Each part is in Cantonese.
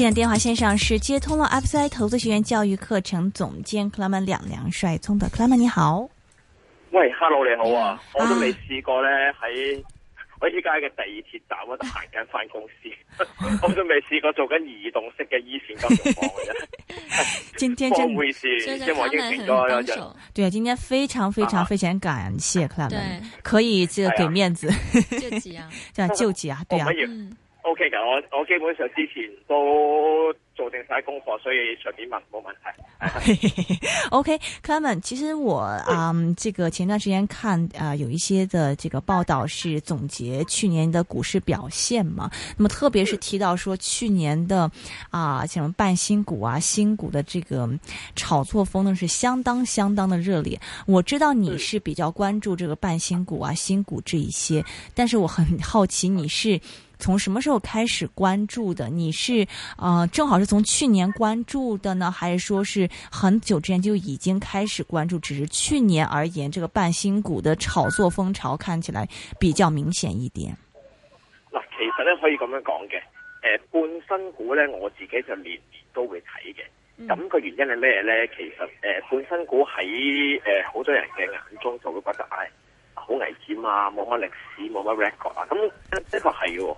現在電話線上是接通了 FCI 投資學院教育課程總監 Claman 兩梁帥聰的 Claman 你好。喂，Hello 你好啊，我都未試過呢，喺我依家嘅地鐵站嗰度行緊返公司，我都未試過做緊移動式嘅一線金榜嘅，今天真會試，真係應承咗，對，今天非常非常非常感謝 Claman，可以這個給面子，救急啊，叫救急啊，對啊，O K，咁我我基本上之前都做定晒功課，所以順便問冇問題。OK，Clarence，其實我嗯，這個前段時間看啊，呃，有一些的這個報道是總結去年的股市表現嘛。那麼特別是提到說去年的、嗯、啊，像半新股啊、新股的這個炒作風呢，是相當相當的熱烈。我知道你是比較關注這個半新股啊、新股這一些，但是我很好奇你是。從什麼時候開始關注的？你是呃正好是從去年關注的呢，還是說是很久之前就已經開始關注？只是去年而言，這個半新股的炒作風潮看起來比較明顯一點。嗱，其實咧可以咁樣講嘅，誒、呃，半新股咧我自己就年年都會睇嘅。咁個、嗯、原因係咩咧？其實誒、呃，半新股喺誒好多人嘅眼中就會覺得，哎好危險啊！冇乜歷史，冇乜 record 啊！咁，呢個係喎。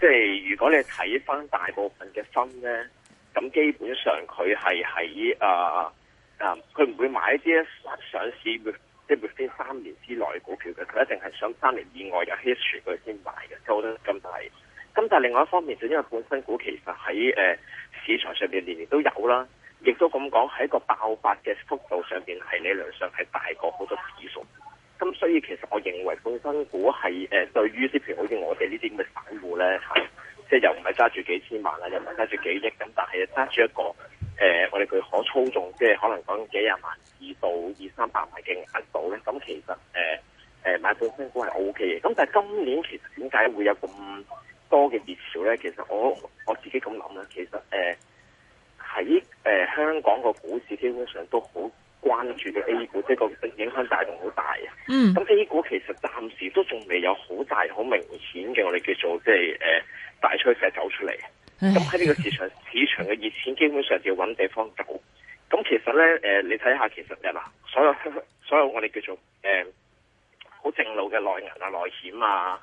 即係如果你睇翻大部分嘅新咧，咁基本上佢係喺啊啊，佢、啊、唔會買一啲上市即係頭三年之內嘅股票嘅，佢一定係想三年以外嘅 history 佢先買嘅。咁都咁大，咁但係另外一方面就因為本身股其實喺誒、呃、市場上邊年年都有啦，亦都咁講喺個爆發嘅幅度上邊係理論上係大過好多指數。咁所以其實我認為本身股係誒對於，譬如好似我哋呢啲咁嘅散戶咧，係即係又唔係揸住幾千萬啦，又唔係揸住幾億，咁但係揸住一個誒、呃，我哋佢可操縱，即係可能講幾廿萬至到二三百萬嘅額度咧。咁、嗯、其實誒誒、呃、買本身股係 O K 嘅。咁但係今年其實點解會有咁多嘅熱潮咧？其實我我自己咁諗啦，其實誒喺、呃呃、香港個股市基本上都好。關注個 A 股，即係個影響帶動好大啊！咁、嗯、A 股其實暫時都仲未有好大、好明顯嘅，我哋叫做即係誒大趨勢走出嚟。咁喺呢個市場，市場嘅熱錢基本上就要搵地方走。咁其實咧，誒、呃，你睇下，其實嗱，所有所有我哋叫做誒好正路嘅內銀啊、內險啊、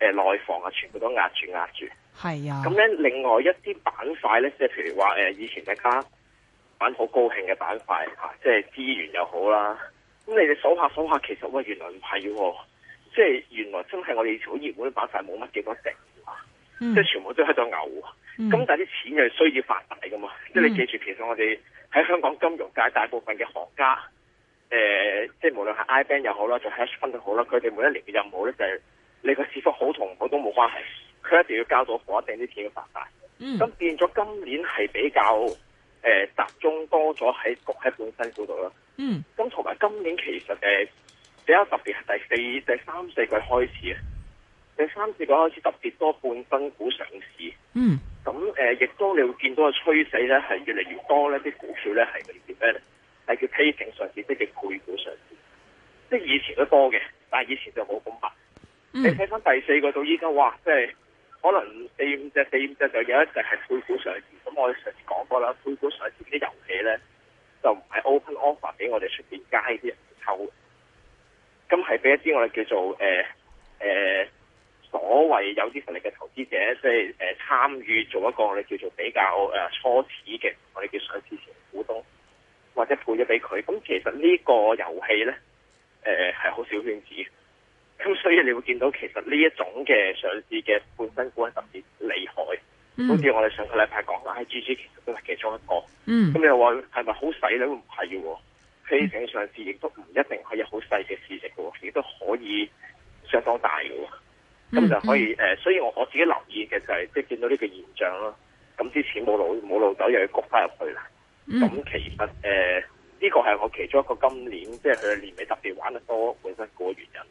誒內房啊，全部都壓住壓住。係啊。咁咧，另外一啲板塊咧，即係譬如話誒、呃，以前大家玩好高興嘅板塊吓、啊，即係資源又好啦。咁你哋數下數下，其實喂，原來唔係、啊，即係原來真係我哋以前好熱門嘅板塊冇乜幾多成，嗯、即係全部都喺度嘔。咁、嗯、但係啲錢又需要發大噶嘛？即係、嗯嗯、你記住，其實我哋喺香港金融界大部分嘅行家，誒、呃，即係無論係 IBank 又好啦，仲係 Hedge Fund 都好啦，佢哋每一年嘅任務咧就係、是，你個市幅好同唔好都冇關係，佢一定要交到貨，一定啲錢要發大。咁、嗯、變咗今年係比較。誒，集中多咗喺國喺半新股嗰度啦。嗯。咁同埋今年其實誒，比較特別係第四、第三四季開始啊。第三四季開始特別多半新股上市。嗯。咁誒、呃，亦都你會見到個趨勢咧，係越嚟越多咧啲股票咧係類似咩咧，係叫批整上市，即係叫配股上市。即係以前都多嘅，但係以前就冇咁猛。嗯。你睇翻第四季到依家，哇，即係。可能四五隻、四五隻就有一隻係配股上市。咁我哋上次講過啦，配股上市啲遊戲咧就唔係 open offer 俾我哋出面街啲人抽。咁係俾一啲我哋叫做誒、呃呃、所謂有啲實力嘅投資者，即係誒參與做一個我哋叫做比較誒初始嘅我哋叫上市前股東，或者配咗俾佢。咁其實呢個遊戲咧誒係好少圈子。咁所以你會見到其實呢一種嘅上市嘅本身股係特別厲害，好似、嗯、我哋上個禮拜講啦，IGG 其實都係其中一個。咁你、嗯、又話係咪好細咧？唔係嘅喎，佢成上市亦都唔一定係有好細嘅市值嘅，亦都可以相當大嘅。咁就可以誒，所以我我自己留意嘅就係即係見到呢個現象咯。咁啲錢冇路冇路走，又要焗翻入去啦。咁、嗯、其實誒呢、呃這個係我其中一個今年即係佢年尾特別玩得多本身股嘅原因。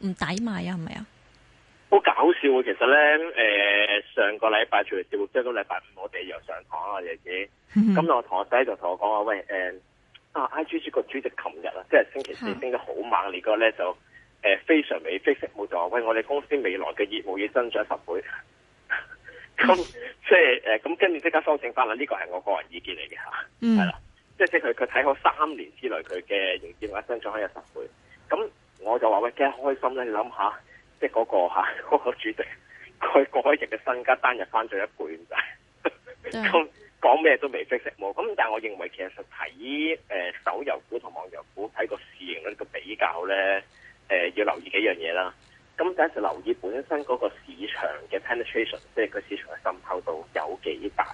唔抵買啊，係咪啊？好搞笑啊！其實咧，誒、呃，上個禮拜傳媒節目即係個禮拜五我上，我哋又上堂啊，爺爺。咁，我同學仔就同我講話：喂，誒、呃，啊，I G G 個主席琴日啊，即係星期四升得好猛烈，那個、呢個咧就誒非常美，非常冇錯。喂，我哋公司未來嘅業務要增長十倍。咁 那 即係誒，咁、呃、跟住即刻收成翻啦。呢、這個係我個人意見嚟嘅吓，係、嗯、啦，即係即係佢佢睇好三年之內佢嘅營業額要增長開十倍咁。我就話：喂，驚開心咧，你諗下，即係嗰、那個嚇，嗰、那個主席，佢嗰一日嘅身家單日翻咗一半，咁滯、嗯。咁講咩都未識食冇。咁但係我認為其實睇誒、呃、手遊股同網遊股睇個市盈率嘅比較咧、呃，要留意幾樣嘢啦。咁第一就留意本身嗰個市場嘅 penetration，即係個市場嘅滲透度有幾大。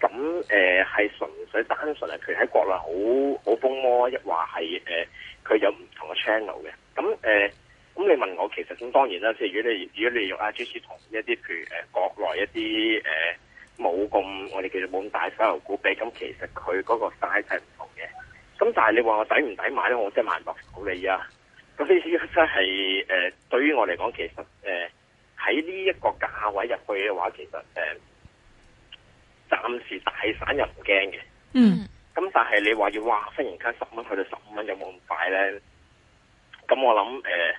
咁係、呃、純粹單純啊，佢喺國內好好風魔，一話係佢有唔同嘅 channel 嘅。咁誒，咁、呃、你問我，其實咁當然啦。即、就是、如果你如果你用阿 T 同一啲譬如、呃、國內一啲誒冇咁，我哋其實冇咁大石油股比，咁其實佢嗰個 size 係唔同嘅。咁但係你話我抵唔抵買咧？我真係萬萬冇理啊！咁呢啲真係對於我嚟講，其實喺呢一個價位入去嘅話，其實、呃、暫時大散又唔驚嘅。嗯。咁但係你話要挖忽然間十蚊去到十五蚊，有冇咁快咧？咁我諗誒、呃，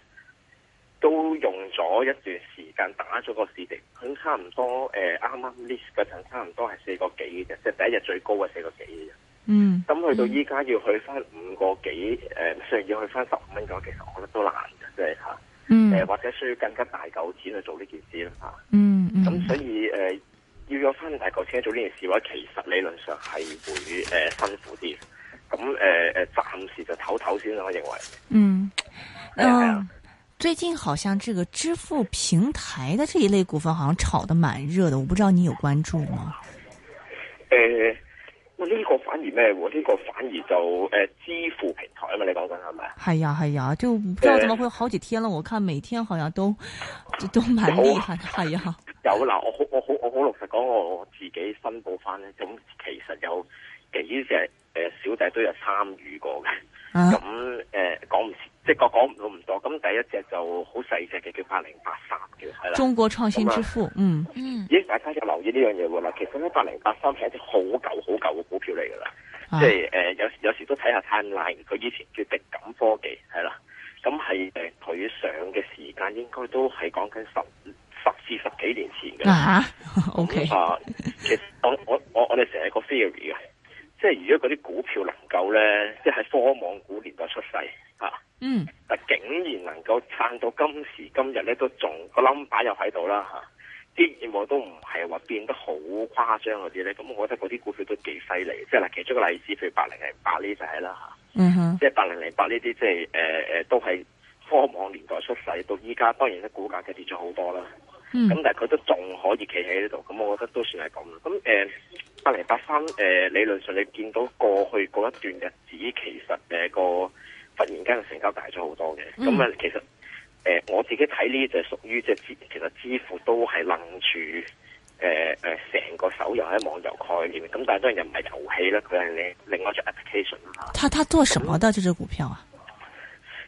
都用咗一段時間打咗個市值，佢差唔多誒啱啱 list 陣，差唔多係四、呃、個幾嘅啫，即係第一日最高嘅四個幾嘅啫。嗯。咁去到依家要去翻五個幾誒，甚、呃、然要去翻十五蚊嘅話，其實我覺得都難嘅，即係吓。誒、嗯，或者需要更加大嚿錢去做呢件事啦。吓。嗯咁所以誒，要咗翻大嚿錢去做呢件事，話、啊嗯嗯呃、其實理論上係會誒、呃、辛苦啲。咁誒誒，暫、呃、時就唞唞先啦。我認為。嗯。嗯，最近好像這個支付平台的這一類股份，好像炒得蠻熱的。我不知道你有關注嗎？誒、哎，我呢個反而咩？我呢個反而就誒支付平台啊嘛，你講緊係咪？係呀係呀，就唔知道怎麼會好幾天啦。我看每天好像都就都蠻厲害，係、哎、啊，有嗱，我好我好我好，我好老實講，我自己申報翻咧。咁其實有幾隻誒小弟都有參與過嘅。咁誒講唔即係講唔到唔多，咁第一隻就好細隻嘅，叫八零八三嘅，係啦。中國創新之父，嗯那嗯，而大家要留意呢樣嘢喎，其實咧八零八三係一啲好舊好舊嘅股票嚟噶啦，啊、即係誒、呃、有有,有時都睇下 timeline，佢以前叫迪感科技，係啦，咁係佢上嘅時間應該都係講緊十十至十幾年前嘅。OK 其實我我我我哋成日個 theory 嘅，即係如果嗰啲股票能夠咧，即係科網股年代出世。吓，嗯，但竟然能夠撐到今時今日咧，都仲、那個 number 又喺度啦，吓、啊，啲業務都唔係話變得好誇張嗰啲咧，咁我覺得嗰啲股票都幾犀利，即係嗱，其中一個例子譬如八零零八呢仔啦，吓、就是，啊、嗯哼，即係八零零八呢啲，即係誒誒，都係科網年代出世，到依家，當然啲股價嘅跌咗好多啦，咁、嗯、但係佢都仲可以企喺呢度，咁我覺得都算係咁，咁誒，八零八三，誒、呃，理論上你見到過去嗰一段日子，其實誒、呃、個。突然間嘅成交大咗好多嘅，咁啊、嗯、其實誒、呃、我自己睇呢就屬於即係支，其實支付都係愣住誒誒，成、呃、個手遊喺網遊概念，咁但係當然又唔係遊戲啦，佢係你另外一隻 application 啦。他他做什麼的、嗯、這隻股票啊？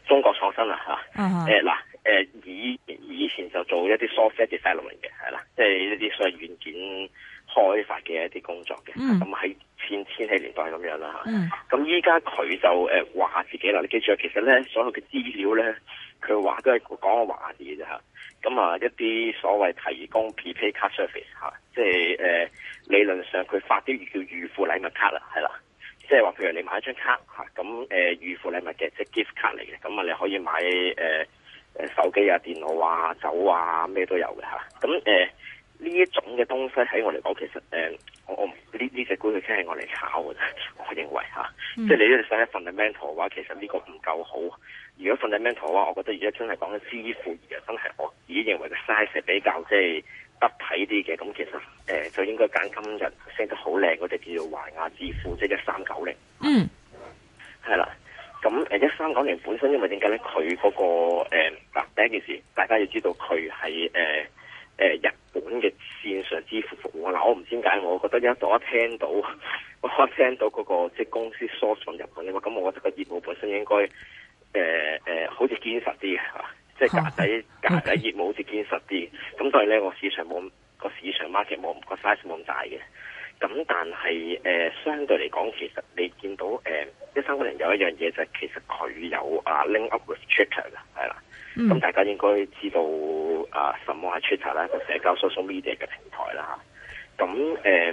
中國創新啊吓，誒嗱，誒以以前就做一啲 software development 嘅係啦，即係一啲所謂軟件開發嘅一啲工作嘅，咁喺、嗯。啊千千禧年代咁樣啦嚇，咁依家佢就誒話自己啦，你記住其實咧所有嘅資料咧，佢話都係講個話字啫嚇。咁啊，一啲所謂提供皮皮卡 service 嚇、啊，即係誒、啊、理論上佢發啲叫預付禮物卡啦，係啦，即係話譬如你買一張卡嚇，咁、啊、誒、啊、預付禮物嘅，即係 gift 卡嚟嘅，咁啊你可以買誒誒、啊、手機啊、電腦啊、酒啊咩都有嘅嚇，咁、啊、誒。啊呢一種嘅東西喺我嚟講，其實誒、呃，我我呢呢隻股佢真係我嚟炒嘅，我認為嚇，啊嗯、即係你呢想 size fundamental 嘅話，其實呢個唔夠好。如果 fundamental 嘅話，我覺得而家真係講緊支付，而係真係我自己認為嘅 size 是比較即係得體啲嘅，咁、嗯、其實誒、呃、就應該揀今日升得好靚嗰隻叫做華亞支付，即係一三九零。嗯，係啦，咁誒一三九零本身因為點解咧？佢嗰、那個嗱、呃、第一件事，大家要知道佢係誒誒入。呃呃人支付服務嗱，我唔知點解，我覺得一到一聽到我聽到嗰、那個即係公司 Source 進入嚟你話，咁我覺得個業務本身應該誒誒、呃呃，好似堅實啲嘅嚇，即係格仔格仔業務好似堅實啲。咁所以咧，我市場冇個市場 market 冇個 size 咁大嘅。咁但係誒、呃，相對嚟講，其實你見到誒，啲香港人有一樣嘢就係其實佢有啊 link up with 嘅出場嘅係啦。咁、嗯、大家應該知道啊，什麼係 Twitter 啦，個社交 social media 嘅平台啦。咁誒、欸、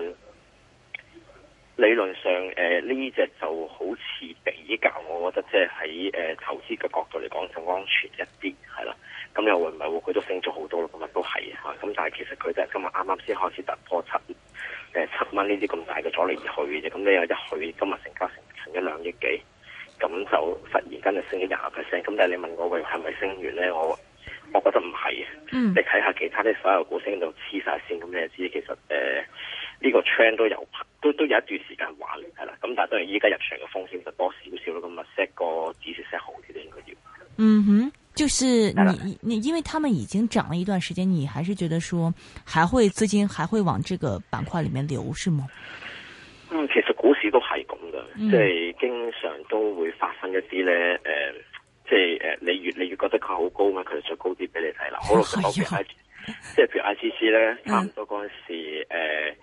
理論上誒呢隻就好似比較，我覺得即係喺誒投資嘅角度嚟講，就安全一啲係咯。咁又唔係佢都升咗好多咯。咁、嗯、今日都係啊，咁、嗯、但係其實佢就係今日啱啱先開始突破七誒七蚊呢啲咁大嘅阻力而去嘅啫。咁你又一去，今日成交成成一兩億幾。咁就忽然間就升咗廿 percent，咁但係你問我喂係咪升完咧，我我覺得唔係啊。嗯，你睇下其他啲所有股升度黐晒線，咁你就知其實誒呢個 chain 都有都都有一段時間玩係啦。咁但係當然依家入場嘅風險就多少少咯。咁啊 set 個止蝕線好啲咧應該要嗯哼，就是你你因為他們已經漲了一段時間，你還是覺得說還會資金還會往這個板塊裏面流是嗎？嗯，其實股市都係咁。嗯、即係經常都會發生一啲咧，誒、呃，即係誒、呃，你越你越覺得佢好高咧，佢就再高啲俾你睇啦。好咯，講起 I，即係譬如 I g C 咧，嗯、差唔多嗰陣時，誒、呃，誒、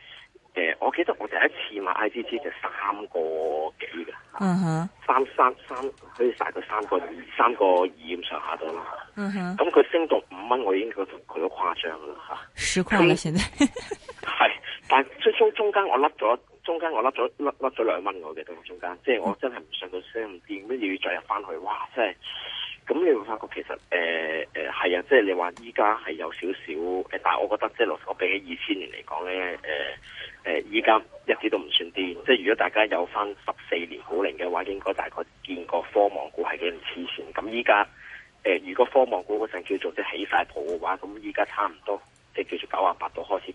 呃，我記得我第一次買 I g C 就三個幾噶，嗯哼，三三三，好似大過三個二，三個二咁上下度啦，哼，咁佢升到五蚊，我已經覺得佢好誇張啦，吓，十塊啦，現在係， 但係中中中間我甩咗。中間我甩咗甩甩咗兩蚊我嘅，當中間，即係我真係唔信到升唔跌，咁要再入翻去，哇！真係，咁你會發覺其實誒誒係啊，即係你話依家係有少少、呃，但係我覺得即係落，我比起二千年嚟講咧，誒誒依家一啲都唔算癲。即係、呃呃嗯、如果大家有翻十四年股齡嘅話，應該大概見過科網股係幾咁黐線。咁依家誒，如果科網股嗰陣叫做即係起晒泡嘅話，咁依家差唔多即係叫做九啊八度開始。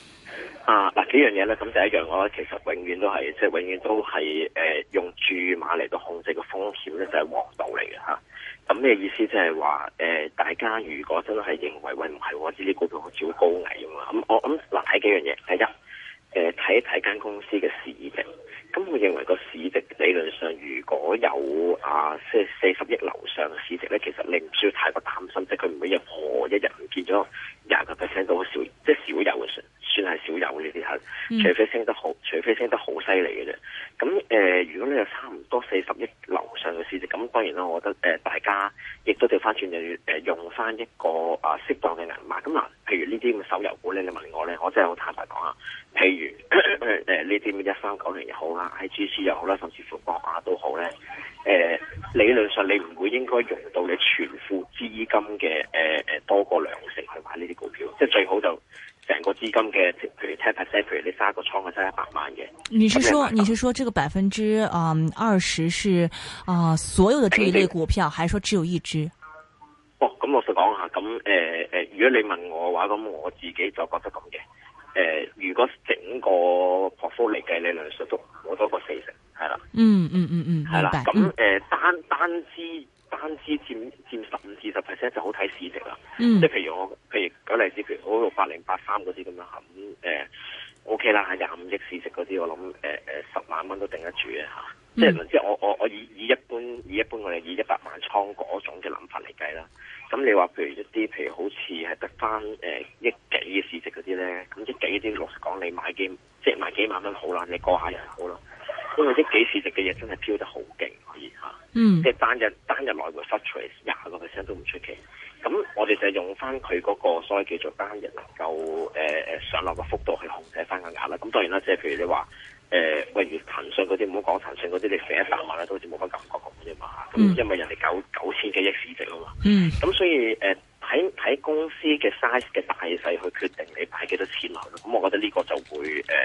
啊，嗱幾樣嘢咧，咁第一樣，我其實永遠都係，即係永遠都係，誒、呃、用注碼嚟到控制個風險咧，就係王道嚟嘅吓。咁、啊、咩意思？即係話，誒、呃、大家如果真係認為喂唔係我知呢啲股票好似好高危咁嘛，咁我咁嗱睇幾樣嘢，第一，誒、呃、睇一睇間公司嘅市值。咁我認為個市值理論上如果有啊，即四,四十億樓上市值咧，其實你唔需要太過擔心，即係佢唔會任何一日見咗廿個 percent 都好少，即係少有嘅算係少有呢啲係，除非升得好，除非升得好犀利嘅啫。咁誒、呃，如果你有差唔多四十億樓上嘅市值，咁當然啦，我覺得、呃、大家亦都調翻轉就要用翻一個啊適當嘅銀碼。咁嗱，譬如呢啲咁嘅手遊股咧，你問我咧，我真係好坦白講啊！例如，誒呢啲咩一三九零又好啦，IGC 又好啦，甚至乎博雅都好咧。誒、呃、理論上你唔會應該用到你全副資金嘅誒誒多過兩成去買呢啲股票，即、就、係、是、最好就成個資金嘅，譬如 ten percent，譬如你揸個倉係揸一百萬嘅。你是說，萬你是說，這個百分之啊二十是啊、呃、所有的這一類股票，嗯、還是說只有一支？哦，咁老實講下，咁誒誒，如果你問我嘅話，咁我自己就覺得咁嘅。誒、呃，如果整個 portfolio 嚟計，你兩成都冇多過四成，係啦。嗯嗯嗯嗯，係啦。咁誒，單單支單支佔佔十五至十 percent 就好睇市值啦。嗯。即係、嗯、譬，譬，譬，譬，譬如我，譬如舉例子，譬如嗰個八零八三嗰啲咁樣咁誒 OK 啦，係廿五億市值嗰啲，我諗誒十萬蚊都頂得住啊嚇。即係即係，我我我以以一般以一般我哋以一百萬倉嗰種嘅諗法嚟計啦。咁你話譬如一啲譬如好似係得翻億幾嘅市值嗰啲咧，咁、嗯、億幾啲老實講你買幾，即係買幾萬蚊好啦，你過下人好啦，因為億幾市值嘅嘢真係飄得好勁，可、啊、以吓嗯，即係單日單日內個十 percent 廿個 percent 都唔出奇。咁我哋就用翻佢嗰個所謂叫做單日能夠、呃、上落嘅幅度去控制翻個額啦。咁當然啦，即係譬如你話。誒、呃，例如騰訊嗰啲，唔好講騰訊嗰啲，你成一百萬咧都好似冇乜感覺咁啫嘛。咁、嗯、因為人哋九九千幾億市值啊嘛。咁、嗯、所以誒，喺、呃、喺公司嘅 size 嘅大細去決定你擺幾多錢落去。咁我覺得呢個就會誒、呃，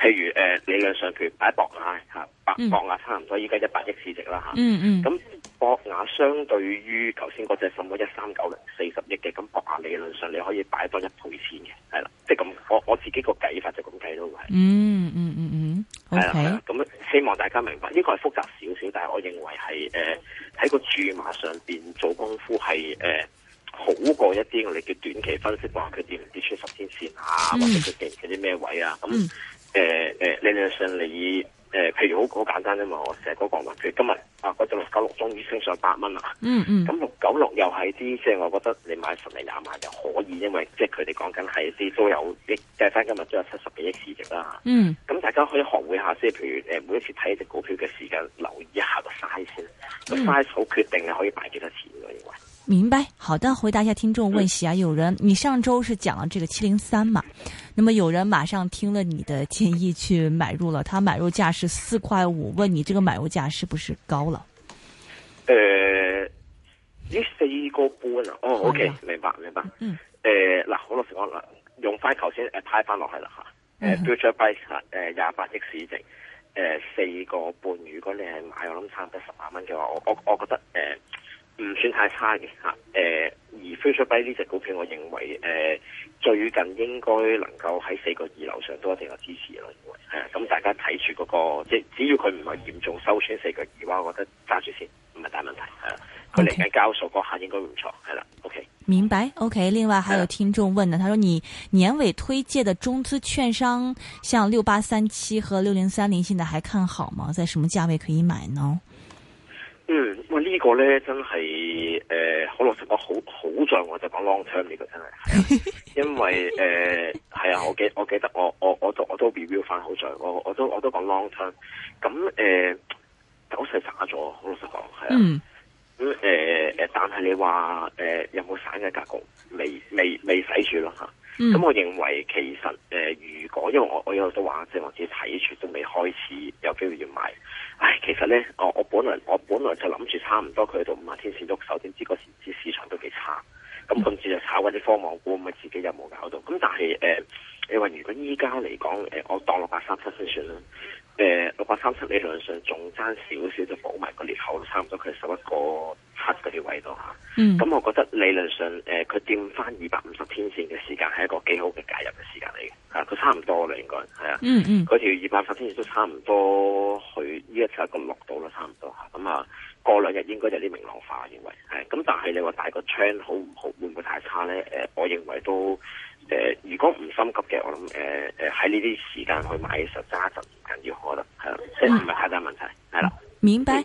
譬如誒、呃、理論上譬如擺博雅嚇，博、啊、雅差唔多依家一百億市值啦嚇。咁博雅相對於頭先嗰隻什麼一三九零四十億嘅，咁博雅理論上你可以擺多一倍錢嘅，係啦，即係咁。我我自己個計法就咁計都係、嗯。嗯、嗯係啦，咁 Okay.、嗯、希望大家明白，呢、這個係複雜少少，但係我認為係誒喺個注碼上邊做功夫係誒、呃、好過一啲我哋叫短期分析話佢跌唔跌穿十天線啊，或者佢跌喺啲咩位啊，咁誒誒，理論上你。嗯誒，譬、呃、如好好簡單啫嘛，因為我成日都講到，佢今日啊，嗰隻六九六終於升上百蚊啦。嗯嗯，咁六九六又係啲，即、就、係、是、我覺得你買十零廿萬就可以，因為即係佢哋講緊係啲都有億，計返今日都有七十幾億市值啦。嗯，咁大家可以學會下，即係譬如每一次睇隻股票嘅時間留意一下個 size 先，個 size 好決定你可以擺幾多錢。我認為。明白，好的，回答一下聽眾問題啊！嗯、有人，你上周是講了這個七零三嘛？那麼有人馬上聽了你的建議去買入了，他買入價是四塊五，問你這個買入價是不是高了？誒、呃，呢四個半啊，哦、oh，OK，明白呀明白，明白，嗯，誒嗱、呃，好多時間嗱，用翻頭先誒，派翻落去啦吓，誒、呃嗯、哼，future price 誒廿八億市值，誒、呃、四個半，如果你係買我諗差唔多十萬蚊嘅話，我我我覺得誒。呃唔算太差嘅嚇，誒、呃、而 f a c e 呢隻股票，我認為誒、呃、最近應該能夠喺四個二樓上都一定有支持，我認為係啊。咁、嗯、大家睇住嗰個，即只要佢唔係嚴重收穿四個二，話，我覺得揸住先，唔係大問題嚇。佢嚟緊交數嗰下應該會唔錯係啦。OK，明白。OK，另外還有聽眾問呢的他話：你年尾推介嘅中資券商，像六八三七和六零三零，現在還看好嗎？在什麼價位可以買呢？嗯，喂，這個、呢個咧真係，誒、呃，好老實講，好好在我就講 long term 呢個真係，因為誒係、 呃、啊，我記我記得我我我，我都我都 review 翻好在，我我都我都講 long term，咁誒走勢差咗，好老實講係啊。嗯咁誒但係你話誒有冇散嘅格局？未未未使住咯，咁我認為其實誒，如果因為我我有都話，即係我自己睇住都未開始有機會要買。唉，其實咧，我我本來我本來就諗住差唔多佢喺度五萬天線喐手，點知嗰市市市場都幾差，咁甚至就炒嗰啲科網股，咁咪自己又冇搞到。咁但係誒，你話如果依家嚟講我當六百三七先算啦。誒，六百三十理論上仲爭少少就補埋個裂口，差唔多佢係十一個七嗰位度吓。咁、嗯嗯、我覺得理論上誒，佢佔翻二百五十天線嘅時間係一個幾好嘅介入嘅時間嚟嘅，啊，佢差唔多啦應該係啊。嗯嗯，嗰條二百五十天線都差唔多去呢一個六度啦，差唔多吓。咁啊，過兩日應該就啲明朗化，認為係。咁但係你話大個窗好唔好？好，會唔會太差咧？誒、呃，我認為都。誒，如果唔心急嘅，我諗誒誒喺呢啲時間去買嘅實揸就唔緊要，可能係啦，即係唔係太大問題，係啦。明 白。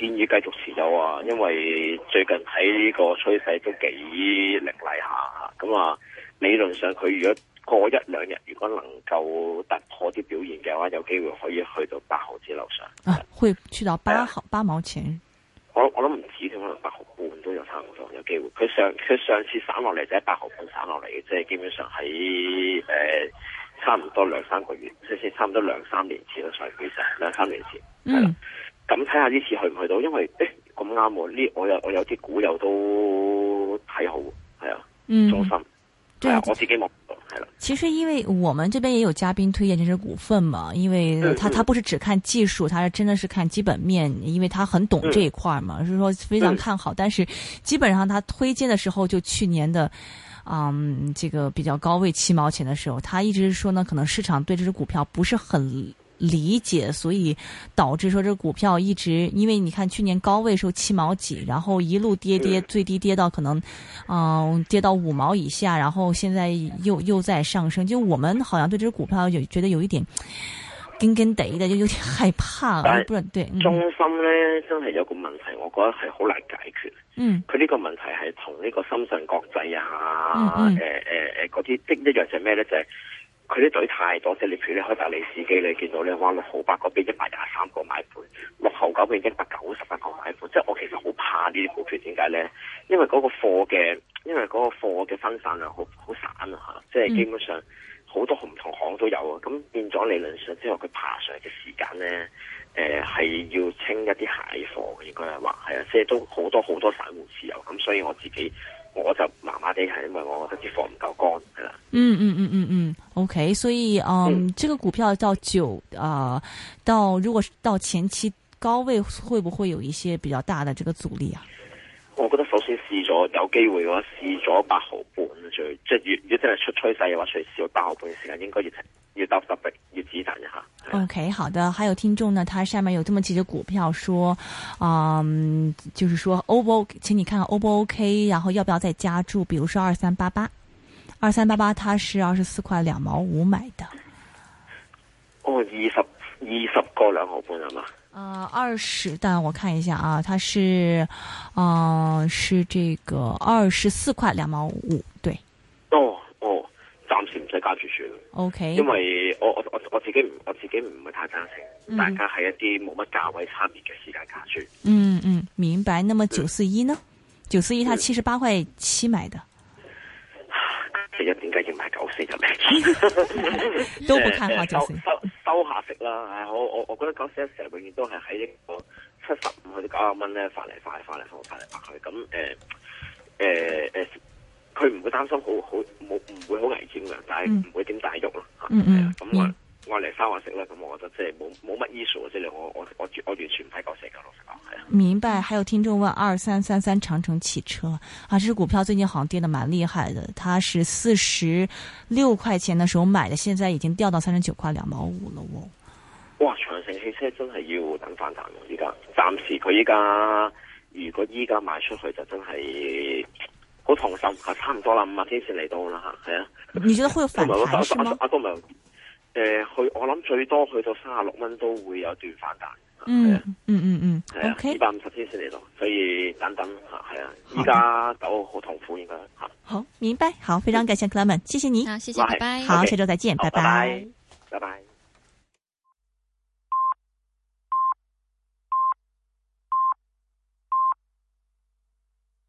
建議繼續持有啊，因為最近睇呢個趨勢都幾凌厲下，咁、嗯、啊理論上佢如果過一兩日，如果能夠突破啲表現嘅話，有機會可以去到八毫子樓上啊，是會去到八毫的八毛錢。我我諗唔止添，可能八毫半都有差唔多，有機會。佢上佢上次散落嚟就係八毫半散落嚟嘅，即、就、係、是、基本上喺誒、呃、差唔多兩三個月，即係差唔多兩三年前嘅水平啫，兩三年前。嗯。咁睇下呢次去唔去到，因為誒咁啱喎，呢、欸、我有，我有啲股友都睇好，係啊，中、嗯、心，係對我自己望，其實因為我們這邊也有嘉賓推薦呢隻股份嘛，因為他、嗯、他不是只看技術，他是真的是看基本面，因為他很懂這一塊嘛，嗯、是說非常看好。嗯、但是基本上他推薦的時候，就去年的，嗯，這個比較高位七毛錢的時候，他一直說呢，可能市場對呢隻股票不是很理解，所以導致說這股票一直，因為你看去年高位時候七毛幾，然後一路跌跌，嗯、最低跌到可能，嗯、呃，跌到五毛以下，然後現在又又再上升。就我們好像對這隻股票有覺得有一點驚驚哋的，就有,有點害怕了，但不能對。中芯呢，嗯、真係有個問題，我覺得係好難解決。嗯。佢呢個問題係同呢個深圳國際啊，誒誒誒，嗰啲的一樣，就咩咧，就係。佢啲隊太多，即係你譬如你開大利市機你見到咧，彎六號百嗰邊一百廿三個買盤，六後九邊一百九十一個買盤，即係我其實好怕呢啲保盤，點解咧？因為嗰個貨嘅，因為嗰個貨嘅分散量好好散啊，即係基本上好多唔同行都有啊。咁變咗理論上，之後佢爬上嚟嘅時間咧，係、呃、要清一啲蟹貨，應該係話係啊，即係都好多好多散戶持有，咁所以我自己。我就麻麻哋係，因為我啲貨唔夠乾噶啦。嗯嗯嗯嗯嗯，OK，所以、呃、嗯，這個股票到九啊、呃，到如果到前期高位，會不會有一些比較大的這個阻力啊？我覺得首先試咗有機會嘅話，試咗八毫半，最即係如如果真係出趨勢嘅話，隨時八毫半嘅時間應該要要搭搭，要指彈一下。OK，好的，還有聽眾呢,他下面有這麼幾隻股票，說，嗯，就是說 O 不 O，請你看看 O 不 OK，然後要不要再加注？比如說二三八八，二三八八，它是二十四塊兩毛五買的。哦，二十二十個兩毫半係嘛？呃，二十但我看一下啊，它是，嗯、呃，是這個二十四塊兩毛五，對。哦哦，暫時唔使加注算。OK。因為我我我我自己唔我自己唔係太贊成，嗯、大家係一啲冇乜價位差別嘅時間加注。嗯嗯，明白。那麼九四一呢？九四一，它七十八塊七買的。啊、嗯，一點解要買四十都唔怕收收，收下食啦、哎。我我我覺得九四 S 成日永遠都係喺呢個七十五去九啊蚊咧，翻嚟嚟嚟去。咁誒誒誒，佢、呃、唔、呃、會擔心好好冇，唔會好危險嘅，但係唔會點大肉咯。咁我嚟三萬食啦，咁我覺得即係冇冇乜 i s s 即係我我我我完全唔睇個市嘅咯，係啊。明白。還有聽眾問二三三三長城汽車啊，這支股票最近好像跌得蠻厲害的，它是四十六塊錢的時候買的，現在已經掉到三十九塊兩毛五了哇，哇！長城汽車真係要等反彈喎，依家暫時佢依家如果依家賣出去就真係好同心，啊，差唔多啦，五十天線嚟到啦，吓，係啊。你覺得會有反彈嗎？誒，去我諗最多去到三十六蚊都會有段反彈。嗯嗯嗯嗯，係啊，二百五十天先嚟到，所以等等吓，係啊，而家都好痛苦應該吓。好明白，好非常感謝 Clement 謝謝你。好，謝謝，拜拜。好，下周再見，拜拜，拜拜。